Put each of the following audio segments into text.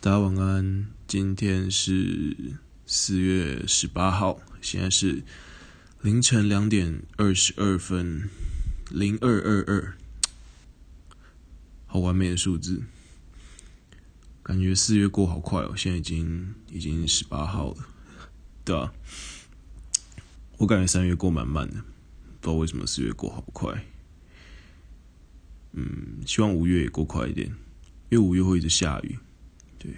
大家晚安。今天是四月十八號，現在是凌晨兩點二十二分零二二二，好完美的數字。感覺四月過好快哦，現在已經已經十八號了，對吧、啊？我感覺三月過蠻慢的，不知道為什麼四月過好快。嗯，希望五月也過快一點，因為五月會一直下雨。對，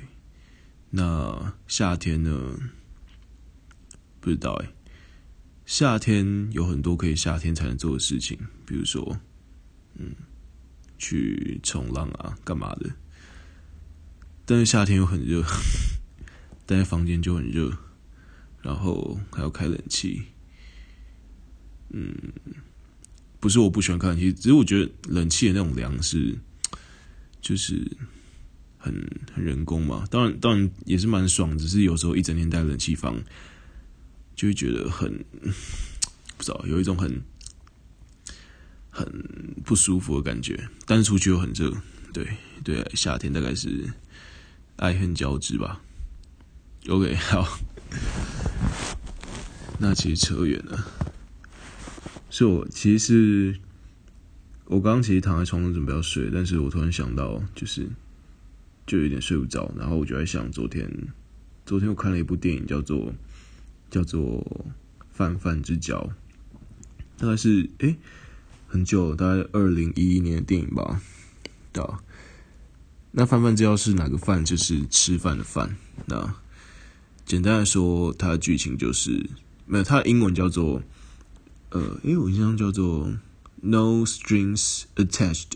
那夏天呢？不知道哎、欸。夏天有很多可以夏天才能做的事情，比如說，嗯，去衝浪啊，幹嘛的。但是夏天又很熱， 待在房間就很熱，然後還要開冷氣。嗯，不是我不喜歡開冷氣，其實只是我覺得冷氣的那種涼是，就是。很很人工嘛，當然當然也是蠻爽，只是有時候一整天待在冷氣房，就會覺得很，不知道，有一種很很不舒服的感覺。但是出去又很熱，對對啊，夏天大概是愛恨交織吧。OK，好， 那其實扯遠了，是我其實是我剛剛其實躺在床上準備要睡，但是我突然想到就是。就有點睡不着，然後我就在想，昨天，昨天我看了一部電影，叫做叫做《飯飯之交》，大概是誒、欸、很久，大概二零一一年的電影吧。對、啊。那飯飯之交是哪個飯？就是吃飯的飯。那簡單來說，它的劇情就是沒有。它的英文叫做呃，哎、欸，我印象叫做 No Strings Attached。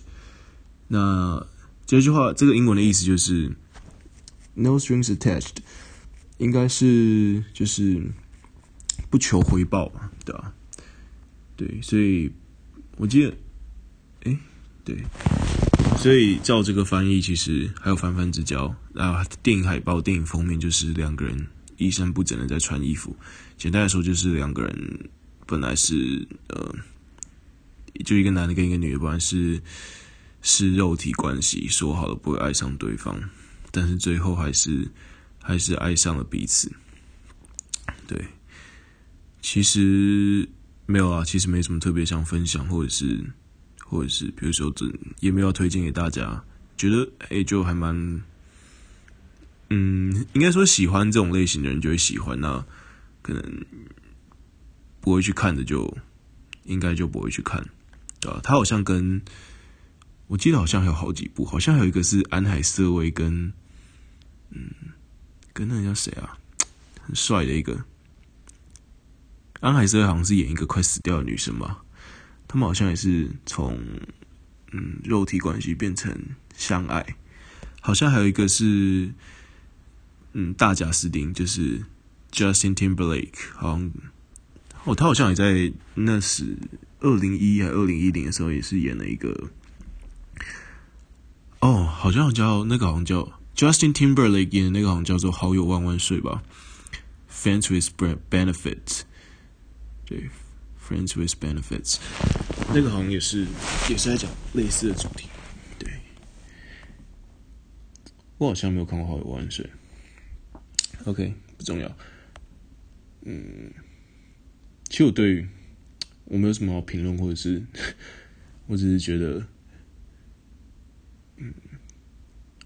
那這一句話，這個英文的意思就是 “no strings attached”，應該是就是不求回報吧，對吧？對，所以我記得，誒對，所以照這個翻譯，其實還有泛泛之交。那電影海報、電影封面就是兩個人衣衫不整的在穿衣服。簡單來說，就是兩個人本來是呃，就一個男的跟一個女的，本來是。是肉體關係，說好了不會愛上對方，但是最後還是還是愛上了彼此。對，其實沒有啊，其實沒什麼特別想分享，或者是或者是，比如說這，這也沒有要推薦給大家。覺得哎，就還蠻，嗯，應該說喜歡這種類型的人就會喜歡那、啊，可能不會去看的就，就應該就不會去看。對吧，他好像跟。我記得好像還有好幾部，好像還有一個是安海瑟薇跟，嗯，跟那個叫誰啊，很帥的一個，安海瑟薇好像是演一個快死掉的女生吧，他們好像也是從嗯肉體關係變成相愛，好像還有一個是嗯大賈斯汀，就是 Justin Timberlake，好像哦他好像也在那時二零一一還二零一零的時候也是演了一個。哦、oh，好像叫那個，好像叫 Justin Timberlake 演的那個，好像叫做《好友萬萬歲》吧。Friends with Benefits，對，Friends with Benefits，嗯、那個好像也是也是在講類似的主題，對。我好像沒有看過《好友萬萬歲》。OK，不重要。嗯，其實我對我沒有什麼好評論，或者是我只是覺得。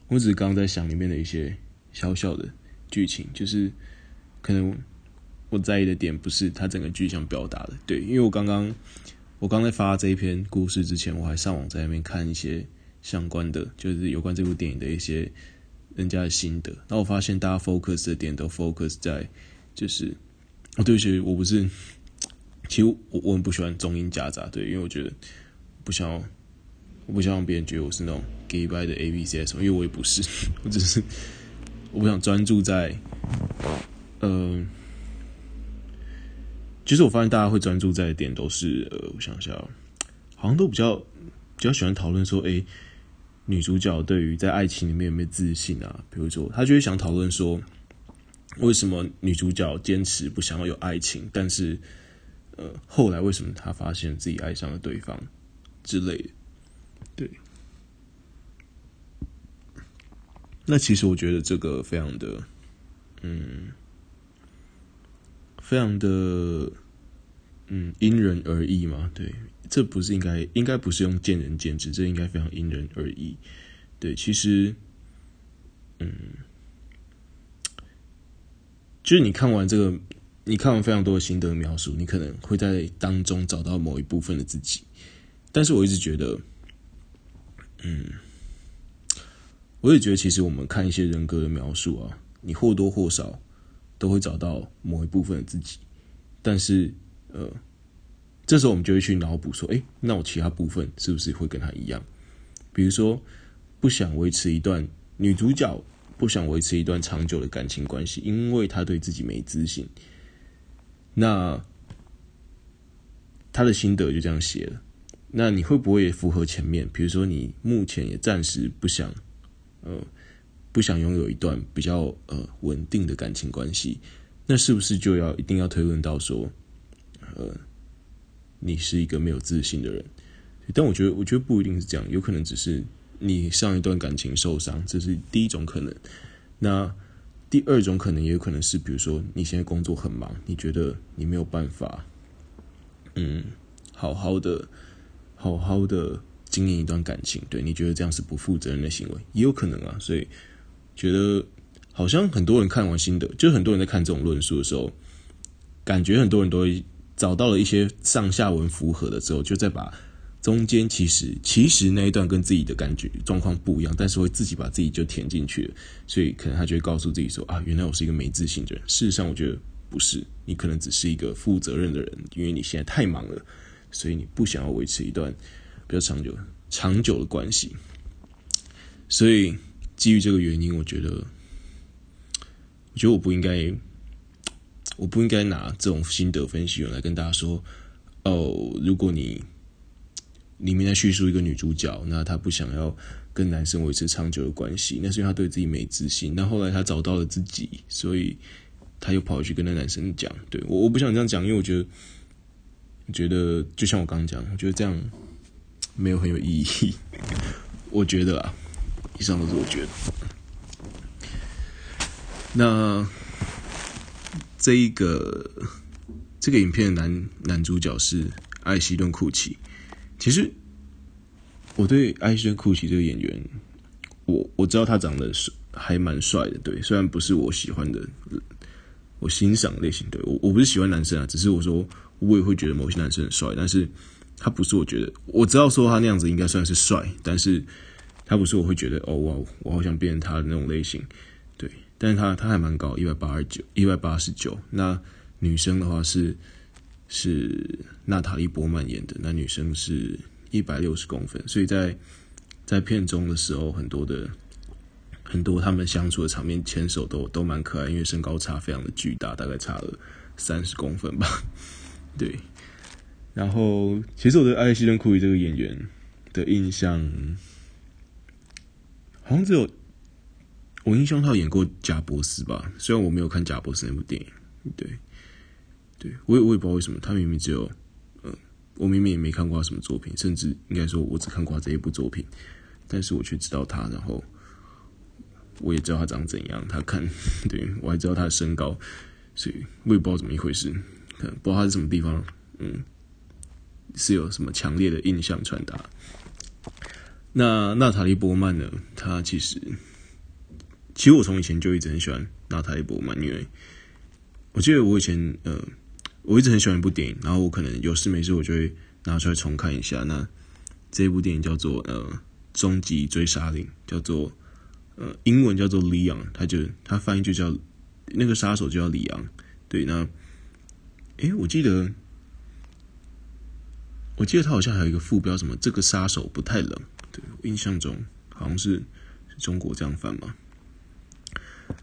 我只是剛剛在想裡面的一些小小的劇情，就是可能我在意的點不是他整個劇想表達的，對，因為我剛剛我剛在發這一篇故事之前，我還上網在那邊看一些相關的，就是有關這部電影的一些人家的心得，那我發現大家 focus 的點都 focus 在就是，哦，對不起我不是，其實我我很不喜歡中英夾雜，對，因為我覺得不想要，我不希望別人覺得我是那種。give by 的 ABC 是什麼？因為我也不是，我只是，我不想專注在，呃，其實我發現大家會專注在一點，都是呃，我想想喔，好像都比較比較喜歡討論說，哎、欸，女主角對於在愛情裡面有沒有自信啊？比如說，她就會想討論說，為什麼女主角堅持不想要有愛情，但是，呃，後來為什麼她發現自己愛上了對方之類的，對。那其實我覺得這個非常的，嗯，非常的，嗯，因人而異嘛。對，這不是應該，應該不是用見仁見智，這應該非常因人而異。對，其實，嗯，就是你看完這個，你看完非常多的心得描述，你可能會在當中找到某一部分的自己。但是我一直覺得，嗯。我也覺得，其實我們看一些人格的描述啊，你或多或少都會找到某一部分的自己。但是，呃，這時候我們就會去腦補說，誒，那我其他部分是不是會跟他一樣？比如說，不想維持一段女主角不想維持一段長久的感情關係，因為她對自己沒自信。那他的心得就這樣寫了。那你會不會符合前面？比如說，你目前也暫時不想。呃，不想擁有一段比較呃穩定的感情關係，那是不是就要一定要推論到說，呃，你是一個沒有自信的人？但我覺得，我覺得不一定是這樣，有可能只是你上一段感情受傷，這是第一種可能。那第二種可能也有可能是，比如說你現在工作很忙，你覺得你沒有辦法，嗯，好好的，好好的。經歷一段感情，對你覺得這樣是不負責任的行為，也有可能啊。所以覺得好像很多人看完心得，就很多人在看這種論述的時候，感覺很多人都會找到了一些上下文符合的時候，就再把中間其實其實那一段跟自己的感覺狀況不一樣，但是會自己把自己就填進去了。所以可能他就會告訴自己說：“啊，原來我是一個沒自信的人。”事實上，我覺得不是，你可能只是一個負責任的人，因為你現在太忙了，所以你不想要維持一段。比較長久、長久的關係，所以基於這個原因，我覺得，我覺得我不應該，我不應該拿這種心得分析用來跟大家說：“哦，如果你裡面在敘述一個女主角，那她不想要跟男生維持長久的關係，那是因為她對自己沒自信。那後來她找到了自己，所以她又跑去跟那男生講。”對，我，我不想這樣講，因為我覺得，我覺得就像我剛剛講，我覺得這樣。沒有很有意義，我覺得啊，以上都是我覺得。那這一個這個影片的男男主角是艾希頓·庫奇，其實我對艾希頓·庫奇這個演員，我我知道他長得是還蠻帥的，對，雖然不是我喜歡的，我欣賞類型，對，我我不是喜歡男生啊，只是我說我也會覺得某些男生很帥，但是。他不是，我覺得我知道說他那樣子應該算是帥，但是他不是，我會覺得哦，哇，我好想變成他的那種類型，對。但是他他還蠻高，一百八十九，一百八十九。那女生的話是是娜塔莉波曼演的，那女生是一百六十公分，所以在在片中的時候，很多的很多他們相處的場面牽手都都蠻可愛，因為身高差非常的巨大，大概差了三十公分吧，對。然後，其實我對艾希頓庫奇這個演員的印象，好像只有我印象他有演過《賈伯斯》吧？雖然我沒有看《賈伯斯》那部電影，對，對，我也我也不知道為什麼，他明明只有，嗯、呃，我明明也沒看過他什麼作品，甚至應該說，我只看過他這一部作品，但是我卻知道他，然後我也知道他長怎樣，他看，對我還知道他的身高，所以我也不知道怎麼一回事，不知道他是什麼地方，嗯。是有什麼強烈的印象傳達？那娜塔莉·波曼呢？她其實，其實我從以前就一直很喜歡娜塔莉·波曼，因為我記得我以前呃，我一直很喜歡一部電影，然後我可能有事沒事我就會拿出來重看一下。那這部電影叫做呃《終極追殺令》，叫做呃英文叫做《里昂》，他就他翻譯就叫那個殺手就叫里昂。對，那哎，我記得。我記得他好像還有一個副標，什麼這個殺手不太冷，對，我印象中好像是，是中國這樣翻嘛。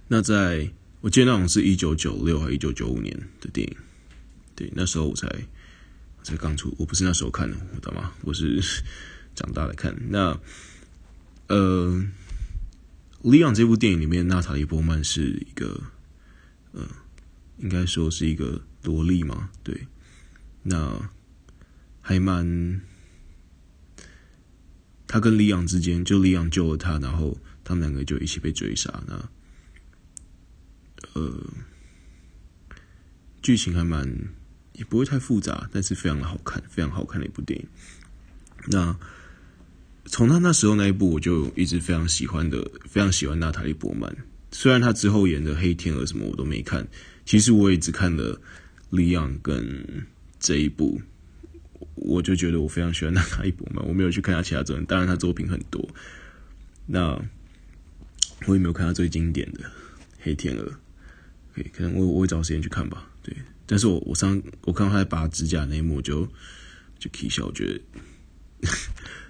那在我記得那種是一九九六還是一九九五年的電影，對，那時候我才我才剛出，我不是那時候看的，我知道嗎？我是 長大的看。那呃，《里昂》這部電影裡面，娜塔莉波曼是一個，嗯、呃，應該說是一個蘿莉嘛，對，那。還蠻，他跟李昂之間，就李昂救了他，然後他們兩個就一起被追殺。那，呃，劇情還蠻也不會太複雜，但是非常的好看，非常好看的一部電影。那從他那時候那一部，我就一直非常喜歡的，嗯、非常喜歡娜塔莉·波曼。雖然他之後演的《黑天鵝》什麼我都沒看，其實我也只看了李昂跟這一部，我就覺得我非常喜歡那他一部嘛，我沒有去看他其他作品，當然他作品很多，那我也沒有看他最經典的《黑天鵝》，可以可能我我會找時間去看吧。對，但是我我上我看到他在拔指甲那一幕我就就起笑，我覺得呵呵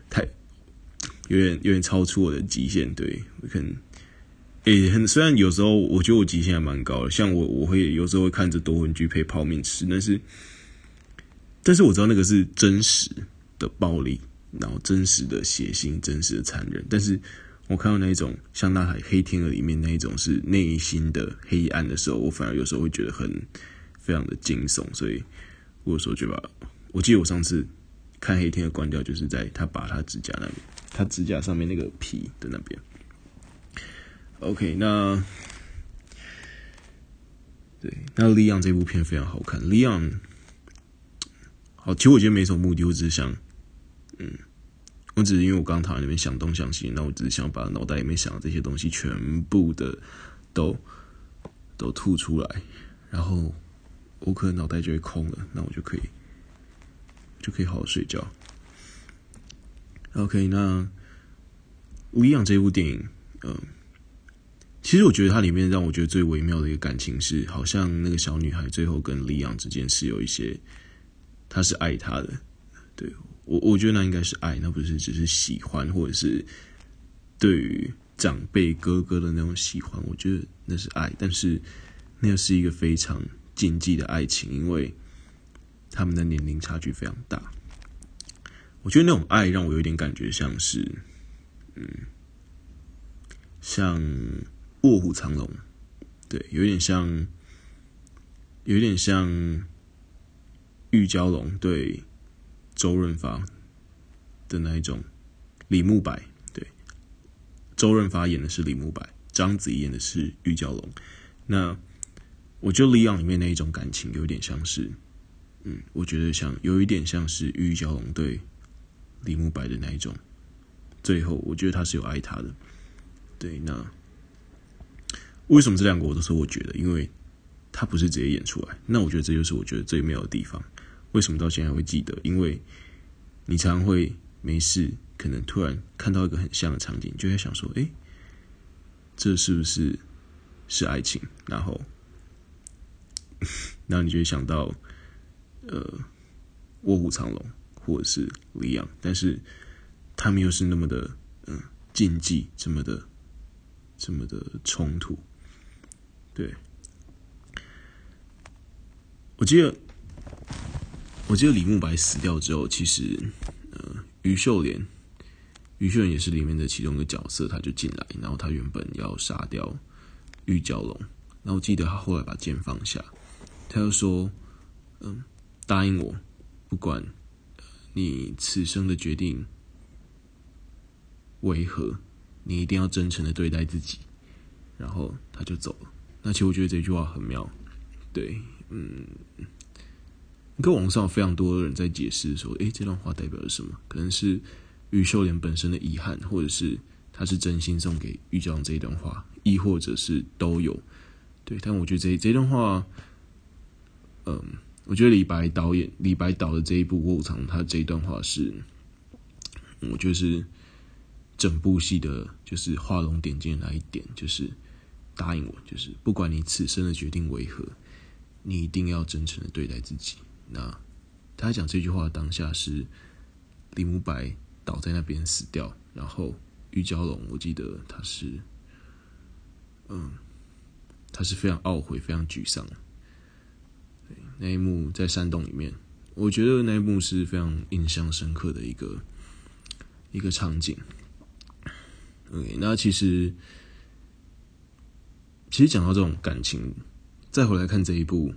太有點有點超出我的極限，對，我可能也、欸、很雖然有時候我覺得我極限還蠻高的，像我我會有時候會看着《奪魂鋸》配泡麵吃，但是。但是我知道那個是真實的暴力，然後真實的血腥，真實的殘忍。但是我看到那一種像大海《黑天鵝》裡面那一種是內心的黑暗的時候，我反而有時候會覺得很非常的驚悚。所以我說，就把我記得我上次看《黑天鵝》關掉，就是在他拔他指甲那邊，他指甲上面那個皮的那邊。OK，那對，那《Leon》這部片非常好看，《Leon》。好，其實我今天沒什麼目的，我只是想，嗯，我只是因為我剛剛躺在裡面想東想西，那我只是想把腦袋裡面想的這些東西全部的都都吐出來，然後我可能腦袋就會空了，那我就可以就可以好好睡覺。OK，那《無異樣》這部電影，嗯，其實我覺得它裡面讓我覺得最微妙的一個感情是，好像那個小女孩最後跟李陽之間是有一些。他是愛他的，對我，我覺得那應該是愛，那不是只是喜歡，或者是對於長輩哥哥的那種喜歡，我覺得那是愛，但是那是一個非常禁忌的愛情，因為他們的年齡差距非常大。我覺得那種愛讓我有點感覺像是，嗯，像臥虎藏龍，對，有點像，有點像。玉嬌龍對周潤發的那一種李木，李慕白，對，周潤發演的是李慕白，章子怡演的是玉嬌龍。那我覺得李昂裡面那一種感情有點像是，嗯，我覺得像有一點像是玉嬌龍對李慕白的那一種。最後，我覺得他是有愛他的。對，那為什麼這兩個我都說我覺得？因為他不是直接演出來，那我覺得這就是我覺得最妙的地方。為什麼到現在還會記得？因為，你常,常會沒事，可能突然看到一個很像的場景，就在想說：“誒、欸，這是不是是愛情？”然後，那 你就會想到，呃，《臥虎藏龍》或者是《李陽》，但是他們又是那麼的，嗯，禁忌，這麼的，這麼的衝突。對，我記得。我記得李慕白死掉之後，其實，嗯、呃，余秀蓮，余秀蓮也是裡面的其中一個角色，他就進來，然後他原本要殺掉玉嬌龍，然後我記得他後來把劍放下，他就說，嗯、呃，答應我，不管你此生的決定為何，你一定要真誠的對待自己，然後他就走了。那其實我覺得這句話很妙，對，嗯。跟網上有非常多的人在解釋說，誒，這段話代表着什麼？可能是俞秀蓮本身的遺憾，或者是他是真心送給玉嬌龍這一段話，亦或者是都有。對，但我覺得這這段話，嗯，我覺得李白導演李白導的這一部《臥虎藏龍》，他這一段話是，我覺得是整部戲的，就是畫龍點睛的那一點，就是答應我，就是不管你此生的決定為何，你一定要真誠的對待自己。那他講這句話的當下，是李慕白倒在那邊死掉，然後玉嬌龍，我記得他是，嗯，他是非常懊悔，非常沮喪。對，那一幕在山洞裡面，我覺得那一幕是非常印象深刻的一個一個場景。Okay, 那其實其實講到這種感情，再回來看這一部《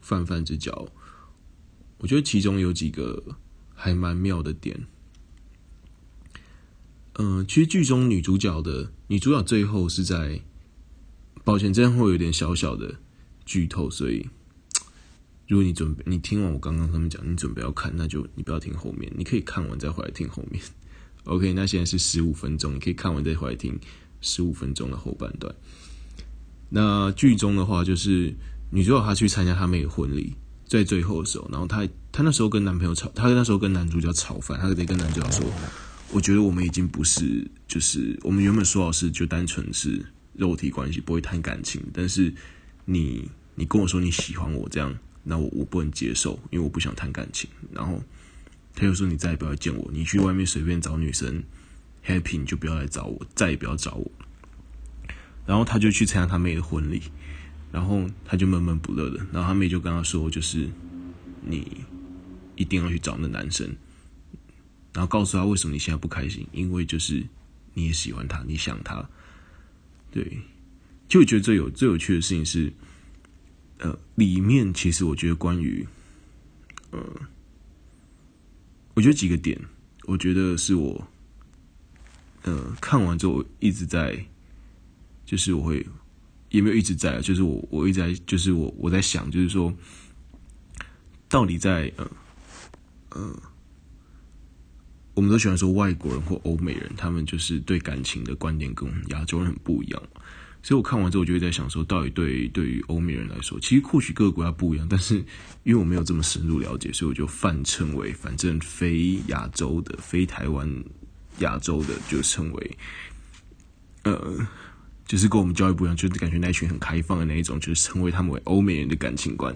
泛泛之交》。我覺得其中有幾個還蠻妙的點，嗯，其實劇中女主角的女主角最後是在抱歉，這樣會有點小小的劇透，所以如果你準備你聽完我剛剛跟他們講，你準備要看，那就你不要聽後面，你可以看完再回來聽後面。OK，那現在是十五分鐘，你可以看完再回來聽十五分鐘的後半段。那劇中的話，就是女主角她去參加他們的婚禮。在最後的時候，然後她，她那時候跟男朋友吵，她那時候跟男主角吵翻，她得跟男主角說：“我覺得我們已經不是，就是我們原本說好的是，就單純是肉體關係，不會談感情。但是你，你跟我說你喜歡我這樣，那我，我不能接受，因為我不想談感情。”然後他就說：“你再也不要見我，你去外面隨便找女生 happy，你就不要來找我，再也不要找我。”然後他就去參加他妹的婚禮。然後他就悶悶不樂的，然後他妹就跟他說：“就是你一定要去找那男生，然後告訴他，為什麼你現在不開心，因為就是你也喜歡他，你想他，對，就我覺得最有最有趣的事情是，呃，裡面其實我覺得關於，呃，我覺得幾個點，我覺得是我，呃，看完之後一直在，就是我會。”有沒有一直在？就是我，我一直在，就是我，我在想，就是說，到底在，嗯、呃、嗯、呃，我們都喜歡說外國人或歐美人，他們就是對感情的觀點跟我們亞洲人很不一樣。所以我看完之後，我就會在想，說到底對對於歐美人來說，其實或許各個國家不一樣，但是因為我沒有這麼深入了解，所以我就泛稱為反正非亞洲的、非台灣亞洲的，就稱為，呃。就是跟我們教育不一樣，就是、感覺那群很開放的那一種，就是稱為他們為歐美人的感情觀。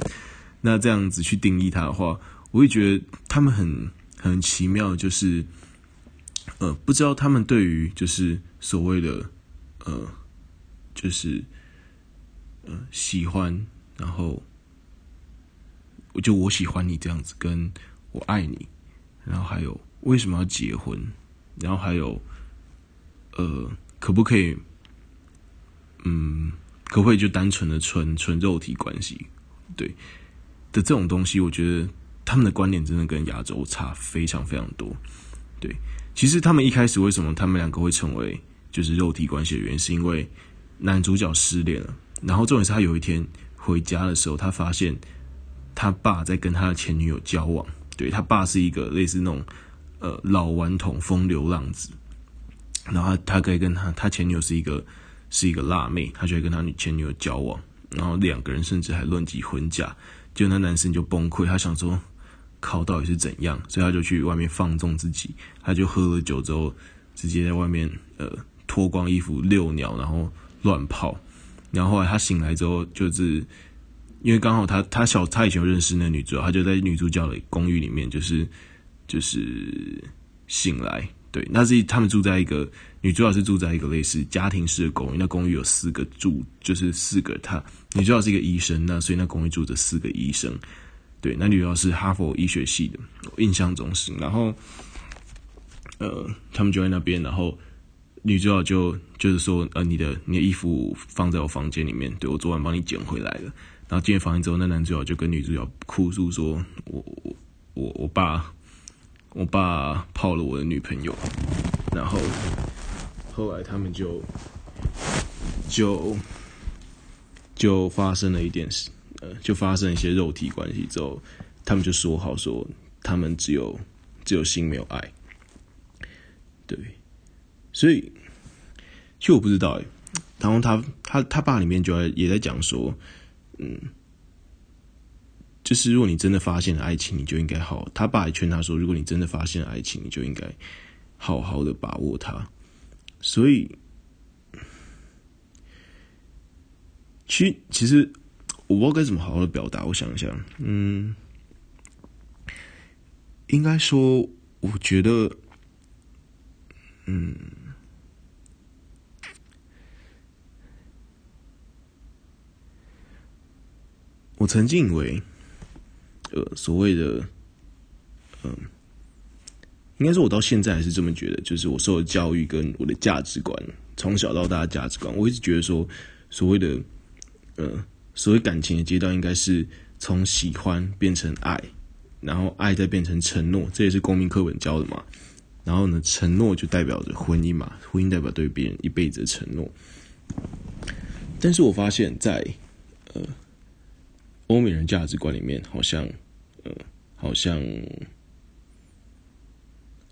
那這樣子去定義他的話，我會覺得他們很很奇妙。就是呃，不知道他們對於就是所謂的呃，就是呃，喜歡，然後我就我喜歡你這樣子，跟我愛你，然後還有為什麼要結婚，然後還有呃，可不可以？嗯，可不可以就單純的純純肉體關係，對，的這種東西，我覺得他們的觀點真的跟亞洲差非常非常多。對，其實他們一開始為什麼他們兩個會成為就是肉體關係的原因，是因為男主角失戀了，然後重點是他有一天回家的時候，他發現他爸在跟他的前女友交往。對，他爸是一個類似那種呃老頑童風流浪子，然後他可以跟他，他前女友是一個。是一個辣妹，她，就會跟他女前女友交往，然後兩個人甚至還論及婚嫁，就那男生就崩潰，他想說，靠，到底是怎樣？所以他就去外面放縱自己，他就喝了酒之後，直接在外面呃脫光衣服遛鳥，然後亂跑，然後後來他醒來之後，就是因為剛好他他小他以前認識那女主角，他就在女主角的公寓裡面，就是就是醒來。對，那是他們住在一個女主角是住在一個類似家庭式的公寓，那公寓有四個住，就是四個她，女主角是一個醫生，那所以那公寓住着四個醫生。對，那女主角是哈佛醫學系的，我印象中是。然後，呃，他們就在那邊，然後女主角就就是說，呃，你的你的衣服放在我房間裡面，對，我昨晚幫你撿回來了。然後進房間之後，那男主角就跟女主角哭訴說，我我我我爸，我爸泡了我的女朋友，然後後來他們就就就發生了一點事，呃，就發生一些肉體關係之後，他們就說好說他們只有只有心沒有愛，對，所以其實我不知道欸，然後他他他爸裡面就也在講說，嗯。就是如果你真的發現了愛情，你就應該好。他爸也勸他說，如果你真的發現了愛情，你就應該好好的把握它。所以，其實其實我不知道該怎麼好好的表達。我想一下，嗯，應該說，我覺得，嗯，我曾經以為。呃，所謂的，嗯、呃，應該說，我到現在還是這麼覺得，就是我受的教育跟我的價值觀，從小到大的價值觀，我一直覺得說，所謂的，呃，所謂感情的階段，應該是從喜歡變成愛，然後愛再變成承諾，這也是公民課本教的嘛。然後呢，承諾就代表着婚姻嘛，婚姻代表對別人一輩子的承諾。但是我發現在，在呃，歐美人價值觀裡面，好像。呃，好像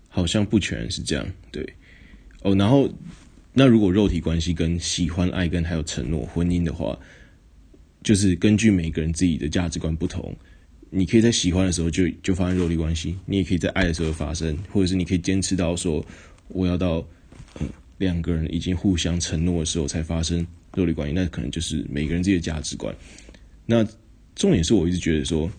好像不全是這樣，對哦。然後，那如果肉體關係跟喜歡、愛跟還有承諾、婚姻的話，就是根據每個人自己的價值觀不同，你可以在喜歡的時候就就發生肉體關係，你也可以在愛的時候發生，或者是你可以堅持到說我要到、嗯、兩個人已經互相承諾的時候才發生肉體關係，那可能就是每個人自己的價值觀。那重點是我一直覺得說。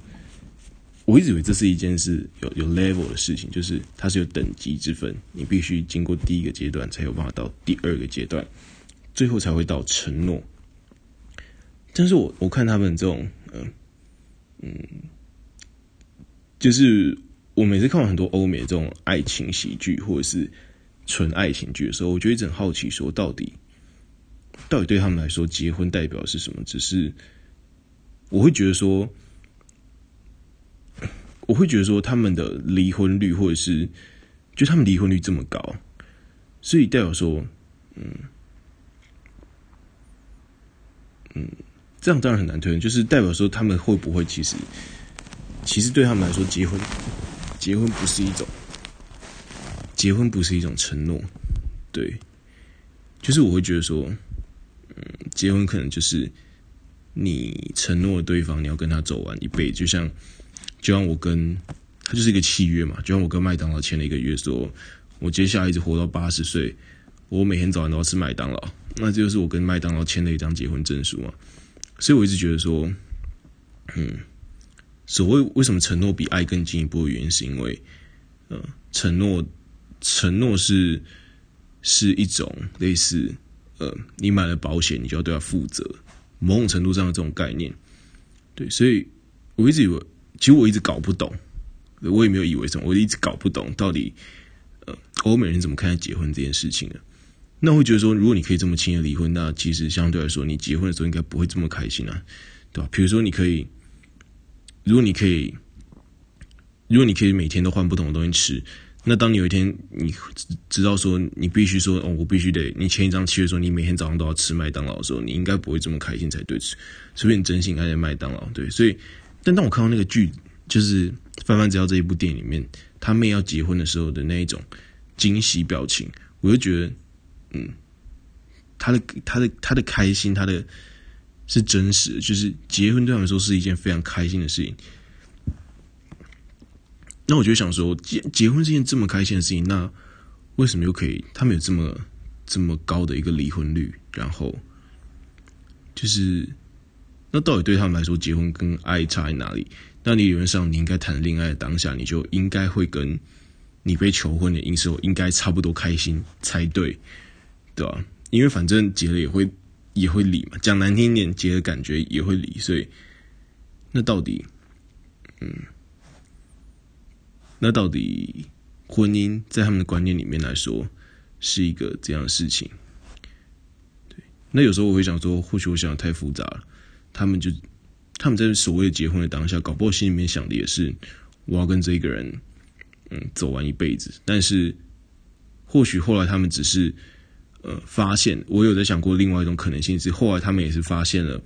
我一直以為這是一件事有有 level 的事情，就是它是有等級之分，你必須經過第一個階段才有辦法到第二個階段，最後才會到承諾。但是我我看他們這種，嗯嗯，就是我每次看完很多歐美這種愛情喜劇或者是純愛情劇的時候，我覺得一直很好奇，說到底到底對他們來說，結婚代表是什麼？只是我會覺得說。我會覺得說他們的離婚率，或者是就他們離婚率這麼高，所以代表說，嗯嗯，這樣當然很難推，就是代表說他們會不會其實，其實對他們來說，結婚結婚不是一種結婚不是一種承諾，對，就是我會覺得說，嗯，結婚可能就是你承諾對方你要跟他走完一輩，就像。就像我跟他就是一個契約嘛，就像我跟麥當勞簽了一個約，說我接下來一直活到八十歲，我每天早上都要吃麥當勞，那這就是我跟麥當勞簽了一張結婚證書嘛。所以我一直覺得說，嗯，所謂為什麼承諾比愛更進一步的原因，是因為，嗯、呃，承諾承諾是是一種類似，呃，你買了保險，你就要對他負責，某種程度上的這種概念。對，所以我一直以為。其實我一直搞不懂，我也沒有以為什麼，我一直搞不懂到底，呃，歐美人怎麼看待結婚這件事情呢？那我會覺得說，如果你可以這麼輕易離婚，那其實相對來說，你結婚的時候應該不會這麼開心啊，對吧？比如說你可以，如果你可以，如果你可以每天都換不同的東西吃，那當你有一天你知道說你必須說哦，我必須得你簽一張契約，說你每天早上都要吃麥當勞的時候，你應該不會這麼開心才對吃，除非你真心愛着麥當勞，對，所以。但當我看到那個劇，就是《范范只要》這一部電影裡面，他妹要結婚的時候的那一種驚喜表情，我就覺得，嗯，他的、他的、他的開心，他的是真實，就是結婚對他們來說是一件非常開心的事情。那我就想說，結結婚是一件這麼開心的事情，那為什麼又可以，他們有這麼這麼高的一個離婚率？然後就是。那到底對他們來說，結婚跟愛差在哪裡？那你理論上，你應該談戀愛的當下，你就應該會跟你被求婚的因素應該差不多開心才對，對吧？因為反正結了也會也會離嘛，講難聽點，結了感覺也會離，所以那到底，嗯，那到底婚姻在他們的觀念裡面來說是一個這樣的事情？對，那有時候我會想說，或許我想得太複雜了。他們就，他們在所謂的結婚的當下，搞不好心裡面想的也是我要跟這個人，嗯，走完一輩子。但是，或許後來他們只是，呃，發現我有在想過另外一種可能性是，是後來他們也是發現了，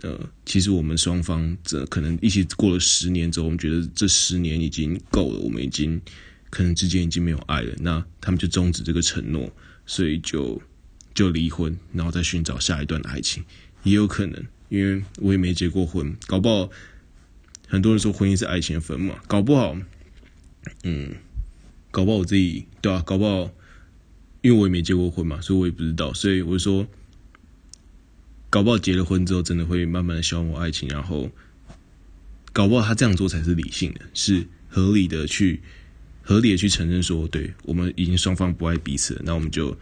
呃，其實我們雙方這可能一起過了十年之後，我們覺得這十年已經夠了，我們已經可能之間已經沒有愛了，那他們就終止這個承諾，所以就就離婚，然後再尋找下一段愛情，也有可能。因為我也沒結過婚，搞不好很多人說婚姻是愛情的墳嘛，搞不好，嗯，搞不好我自己，對啊，搞不好，因為我也沒結過婚嘛，所以我也不知道。所以我就說，搞不好結了婚之後，真的會慢慢的消磨愛情。然後，搞不好他這樣做才是理性的，是合理的去，去合理的去承認說，對，我們已經雙方不愛彼此了，那我們就，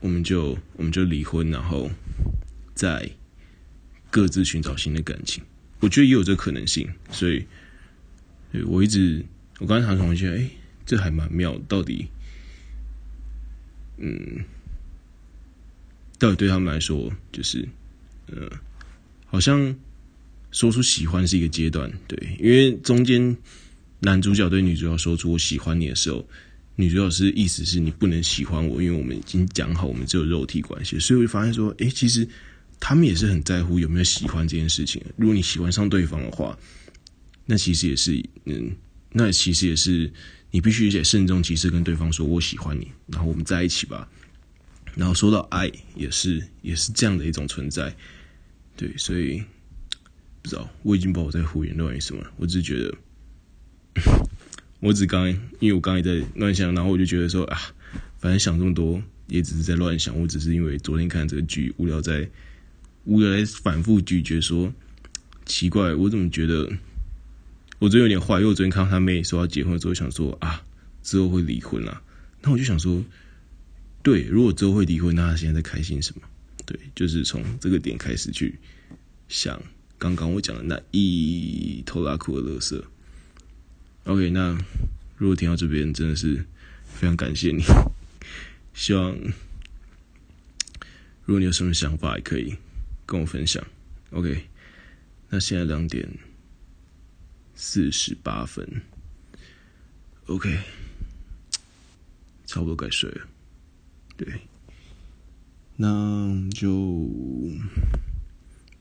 我們就，我們就離婚，然後再。各自尋找新的感情，我覺得也有這個可能性，所以對我一直我剛才常常覺得，哎，這還蠻妙的。到底，嗯，到底對他們來說，就是，呃，好像說出喜歡是一個階段，對，因為中間男主角對女主角說出我喜歡你的時候，女主角是意思是你不能喜歡我，因為我們已經講好，我們只有肉體關係，所以我就發現說，哎，其實。他們也是很在乎有沒有喜歡這件事情。如果你喜歡上對方的話，那其實也是，嗯，那其實也是你必須得慎重其事跟對方說“我喜歡你”，然後我們在一起吧。然後說到愛，也是也是這樣的一種存在。對，所以不知道我已經不我在胡言亂語什麼了。我只是覺得， 我只剛因為我剛剛在亂想，然後我就覺得說啊，反正想這麼多也只是在亂想。我只是因為昨天看這個劇無聊在。我原來反覆咀嚼說，奇怪，我怎麼覺得我最近有點壞？因為我昨天看到他妹說要結婚，之後想說啊，之後會離婚啊。那我就想說，對，如果之後會離婚，那他現在在開心什麼？對，就是從這個點開始去想剛剛我講的那一拖拉庫的樂色。OK，那如果聽到這邊，真的是非常感謝你。希望如果你有什麼想法，也可以。跟我分享，OK。那現在兩點四十八分，OK，差不多該睡了。對，那就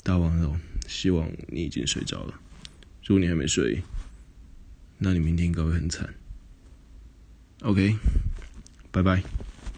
大王了，希望你已經睡着了。如果你還沒睡，那你明天應該會很慘。OK，拜拜。